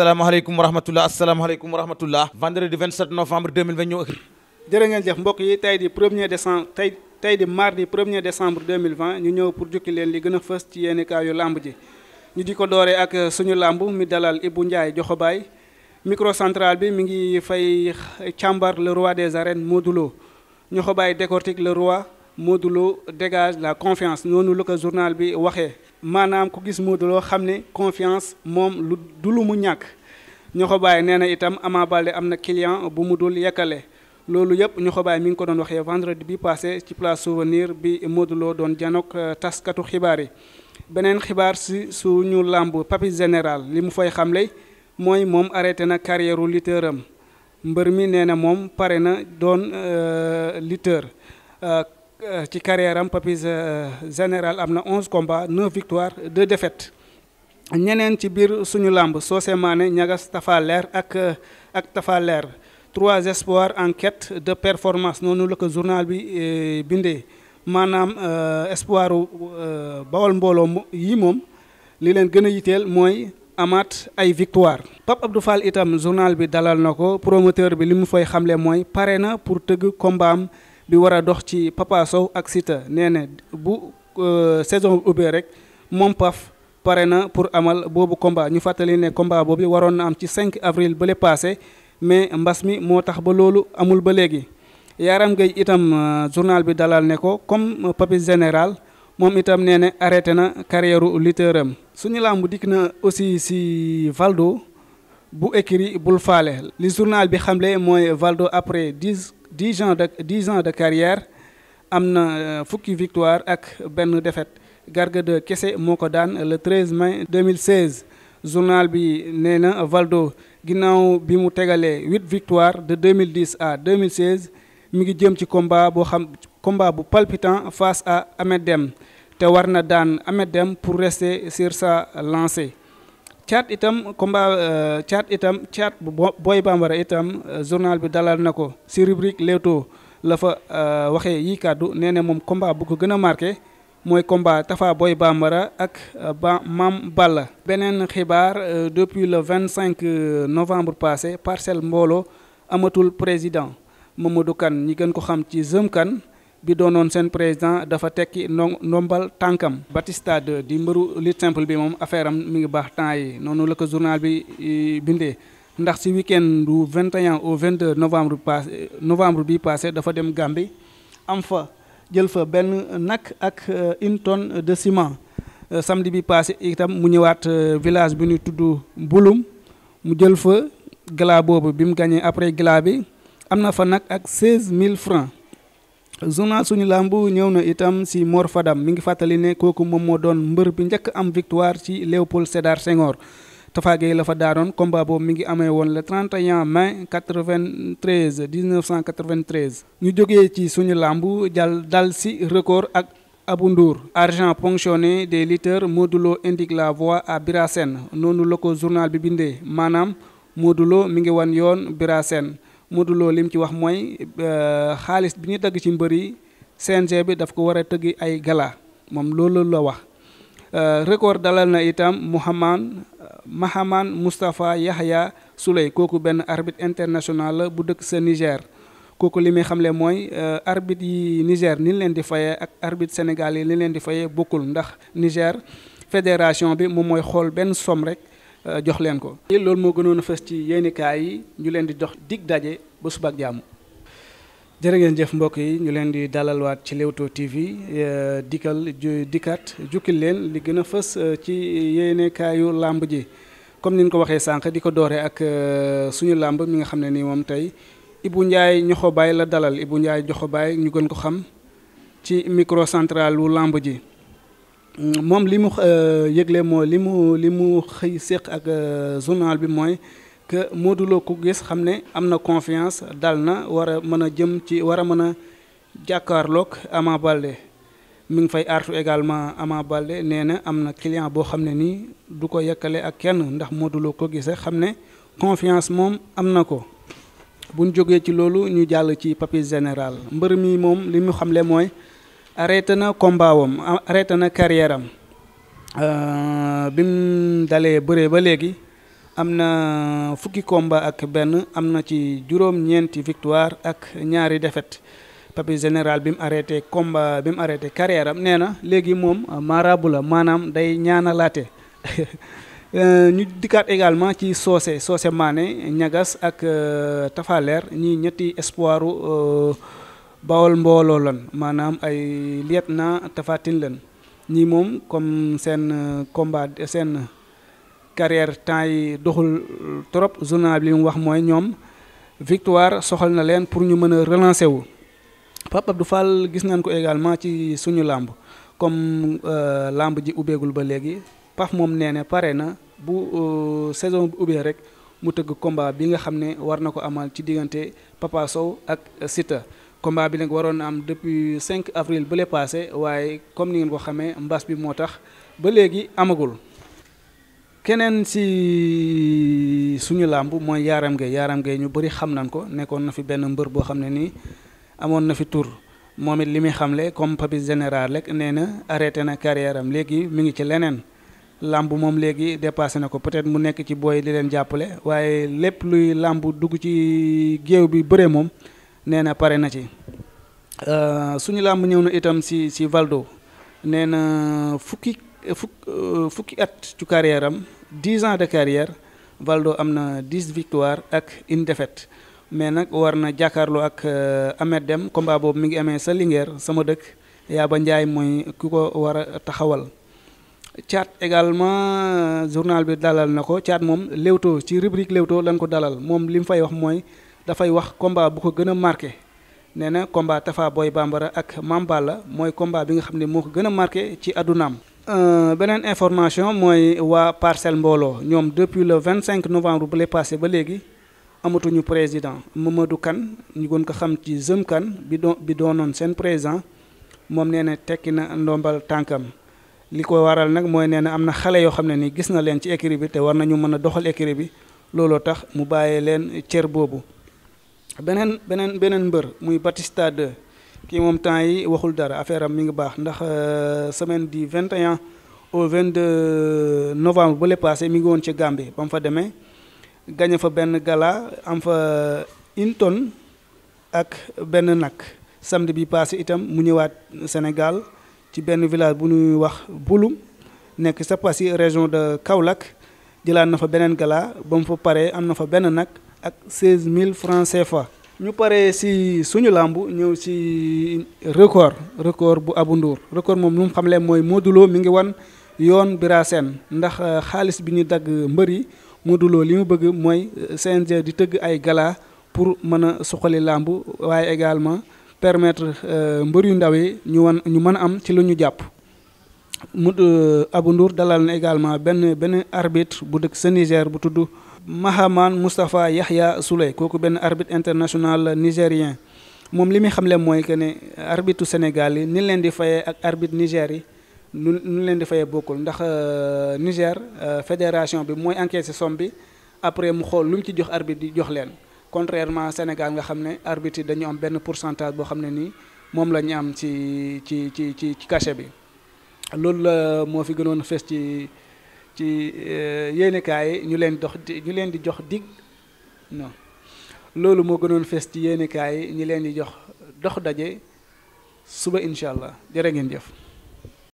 asalaamaaleykum wa rahmatulah asalaamaaleykum wa rahmatulah vendredi 27 novembre 2020 ñëw ak jëf mbokk yi tey di premier décembre tey tey di mardi premier décembre 2020 ñu ñëw pour jukki leen li gën a fës ci yenn kaayu yu làmb ji ñu di ko dooree ak suñu làmb mi dalal Ibou Ndiaye Joxobaay microcentral bi mi ngi fay càmbar le roi des arènes Modou Lo Joxobaay décortique le roi Modou dégage la confiance noonu lu ko journal bi waxee maanaam ku gis Modou Lo xam ne confiance moom lu du lu mu ñàkk ñu xobaay nee na itam Ama Baldé am na client bu mu dul yekkale loolu yëpp ñu xobaay mi ngi ko doon waxee vendredi bi passé ci place souvenir bi Modou doon janook euh, taskatu xibaar yi beneen xibaar si suñu làmb Papis Général li mu fay xamle mooy moom arrêté na carrière lutteur am mbër mi nee na moom pare na doon euh, lutteur euh, ci carrière am Papis Général am na 11 combats 9 victoires 2 défaites ñeneen ci biir suñu làmb Socé Mané ñagas Tafa ak ak Tafa trois espoirs enquête de performance noonu la ko journal bi euh, bindee maanaam euh, espoiru euh, bawol mbooloo yii moom li leen gën a yiteel mooy amaat ay victoire Pape Abdou Fall itam journal bi dalal na ko promoteur bi li mu fay xamle mooy pare na pour tëgg combat bi war a dox ci Papa Sow ak Siteu nee na bu saison ubbee rek moom paf pare na pour amal boobu combat ñu fàttali ne combat boobu waroon na am ci 5 avril ba le mais mbas mi moo tax ba loolu amul ba léegi. Yaram Gueye itam euh, journal bi dalal ne ko comme euh, papis général moom itam nee ne arrêté na carrière lutteur am suñu làmb dikk na aussi si Valdo bu écrit bul faale li journal bi xamle mooy Valdo après dix dix ans de dix ans de carrière am na euh, fukki victoire ak benn défaite Garga de kese moo ko daan le 13 mai 2016 journal bi nee na Valdo ginnaaw bi mu tegalee huit victoires de 2010 à 2016 mi ngi jëm ci combat boo xam combat bu palpitant face à Ahmed dem te war na daan Ahmed dem pour rester sur sa lancée. caat itam combat euh, caat itam caat bu Boy Bambara itam euh, journal bi dalal na ko si rubrique Leewtoo la fa euh, waxee yi kàddu nee na moom combat bu ko gën a marqué. mooy combat Tafa Boy Bambara ak euh, ba Mam Balla beneen xibaar euh, depuis le vingt cinq euh, novembre passé parcelle Mbooloo amatul président Mamadou Kane ñi gën ko xam ci Zëm Kane bi doonoon seen président dafa tekki ndombal tànkam Batista 2 di mbëru lutte simple bi moom affaire am mi ngi baax temps yi noonu la ko journal bi bindee ndax ci week du du 21 au 22 novembre passé novembre bi passé dafa dem Gambie am fa jël fa benn nag ak euh, une tonne de ciment euh, samedi bi passé itam mu ñëwaat euh, village bi ñu tudd Mbulum mu jël fa gala boobu bi mu gagné après gala bi am na fa nag ak mille francs journal suñu làmb ñëw na itam si Mor Fadam mi ngi fàttali ne kooku moom moo doon mbër bi njëkk am victoire ci Léopold Sédar Senghor Tafa Gueye la fa daanoon combat boobu mi ngi amee woon le 31 mai 93 1993 ñu jógee ci suñu làmb jàll dal si record ak Abou Ndour argent ponctionné des lutteurs Modou Lo la voie à Bira noonu la ko journal bi bindee maanaam Modou Lo mi ngi wan yoon Bira Sène Modou Lo lim ci wax mooy euh, xaalis bi ñu dagg ci mbër yi CNG bi daf ko war a tëggi ay gala moom loolu la wax Euh, record dalal na itam Mouhamad Mahamad Moustapha Yahya Souley kooku benn arbitre international la bu dëkk sa Niger kooku li muy xamle mooy euh, arbitre yi Niger ni leen di fayee ak arbitre Sénégal yi ni leen di fayee bokkul ndax Niger fédération bi moom mooy xool benn som rek euh, jox leen ko. loolu moo gënoon a fës ci yéenikaay yi ñu leen di jox dig daje ba suba ak jërë jëf mbokk yi ñu leen di dalalwaat ci Leewtoo TV e, dikkal dikkaat jukkil leen li gën a fës e, ci yéenekaayu làmb ji comme ni ñu ko waxee sànq di ko dooree ak e, suñu làmb mi nga xam ne nii moom tey Ibou Ndiaye Ñoxobaay la dalal Ibou Ndiaye Ñoxobaay ñu gën ko xam ci micro central wu làmb ji moom li mu yëgle moo li mu li mu xëy séq ak journal bi mooy que Modou Lo ku gis xam ne am na confiance dal na war a mën a jëm ci war a mën a jàkkaarloog Ama Baldé mu ngi fay artu également Ama Baldé nee na am na client boo xam ne nii du ko yekkale ak kenn ndax Modou ko gisee xam ne confiance moom am na ko buñ jógee ci loolu ñu jàll ci papier général mbër mii moom li mu xamle mooy arrêté na combat wam arrêté na carrière am euh, bim dalee bëree ba léegi. am na fukki komba ak benn am na ci juróom-ñeenti victoire ak ñaari défaite papi général bi mu arrêté combat bi mu arrêté carrière nee na léegi moom maarabu la maanaam day ñaanalaate euh, ñu dikkaat également ci soose soose maane ñagas ak euh, tafaleer ñi ñetti espoiru euh, bawol mbooloo lan maanaam ay na tafatin len ñi moom comme seen combat seen carrière temps yi doxul trop journal bi li mu wax mooy ñoom victoire soxal na leen pour ñu mën a relancer wu. Pape Abdou Fall gis nañ ko également ci suñu làmb comme euh, làmb ji ubbeegul ba léegi Pape moom nee ne pare na bu euh, saison bi ubbee rek mu tëgg combat bi nga xam ne war na ko amal ci diggante Papa Sow ak sita combat bi nag waroon na am depuis 5 avril ba le waaye comme ni ngeen ko xamee mbas bi moo tax ba léegi amagul. keneen si suñu làmb mooy Yaaram Gueye Yaaram Gueye ñu bëri xam nañ ko nekkoon na fi benn mbër boo xam ne nii amoon na fi tur moom it li muy xamle comme Papis général rek nee na arrêté na carrière léegi mu ngi ci leneen làmb moom léegi dépassé na ko peut-être mu nekk ci booy di leen jàppale waaye lépp luy làmb dugg ci géew bi bëre moom nee na pare na ci euh, suñu làmb ñëw na itam si si Valdo nee na fukki. Euh, fukk euh, fukki at cu carrière am dix ans de carrière Valdo am na dix victoire ak une défaite mais nag war na jàkkaarloo ak euh, Ahmed dem combat boobu mi ngi amee sa Linguère sama dëkk ba Njaay mooy ku ko war a taxawal. Caat également journal bi dalal na ko Caat moom Leewtoo ci rubrique Leewtoo lan ko dalal moom li mu fay wax mooy dafay wax combat bu ko gën a marqué. nee na combat Tafa Boy Bambara ak Mambala mooy combat bi nga xam ne moo ko gën a marqué ci àddunaam Euh, beneen information mooy waa parcelle mbooloo ñoom depuis le 25 novembre bu lay passé ba léegi amatuñu président Mamadou kan ñu gën ko xam ci Zëm Kane bi doon bi doonoon seen président moom nee na tekki na ndombal tànkam li ko waral nag mooy nee na am na xale yoo xam ne ni gis na leen ci écurie bi te war nañu mën a doxal écurie bi looloo tax mu bàyyee leen cër boobu beneen beneen beneen mbër muy Batista 2 kii moom temps yi waxul dara affaire am mi ngi baax ndax euh, semaine du 21 au 22 novembre ba le passé mi ngi woon ci Gambie ba fa demee gañe fa benn gala am fa une tonne ak benn nag samedi bi passé itam mu ñëwaat Sénégal ci benn village bu ñuy wax Bulum nekk sa pas région de Kaolack jëlaat na fa beneen galaa ba fa pare am na fa benn nag ak mille francs CFA. ñu paree si suñu làmb ñëw si record record bu Abou Ndour record moom lu mu xamle mooy Modou Lo mi ngi wan yoon Bira Sène ndax euh, xaalis bi ñu dagg mbër yi moduloo li mu bëgg mooy euh, CNG di tëgg ay gala pour mën a suqali làmb waaye également permettre euh, mbër yu ndaw yi ñu wan ñu mën a am ci lu ñu jàpp. mu Abou Ndour dalal na également benn benn arbitre bu dëkk sa Niger bu tudd. Mahaman Moustapha Yahya Souley kooku benn arbitre international nigérien moom li muy xamle mooy que ne arbitre Sénégal yi ni leen di fayee ak arbitre Niger yi nu nu leen di fayee bokkul ndax euh, Niger euh, fédération bi mooy encaissé somme bi après mu xool lu ci jox arbitre di jox leen contrairement Sénégal nga xam ne arbitre yi dañu am benn pourcentage boo xam ne nii moom la ñu am ci ci ci ci ci cachet bi loolu la euh, moo fi gënoon fees ci. ci eh, yéenekaay yi ñu leen dox ñu leen di jox dig non loolu moo gënoon fees ci yéenekaay yi leen di jox dox daje suba incha allah jërë ngeen jëf.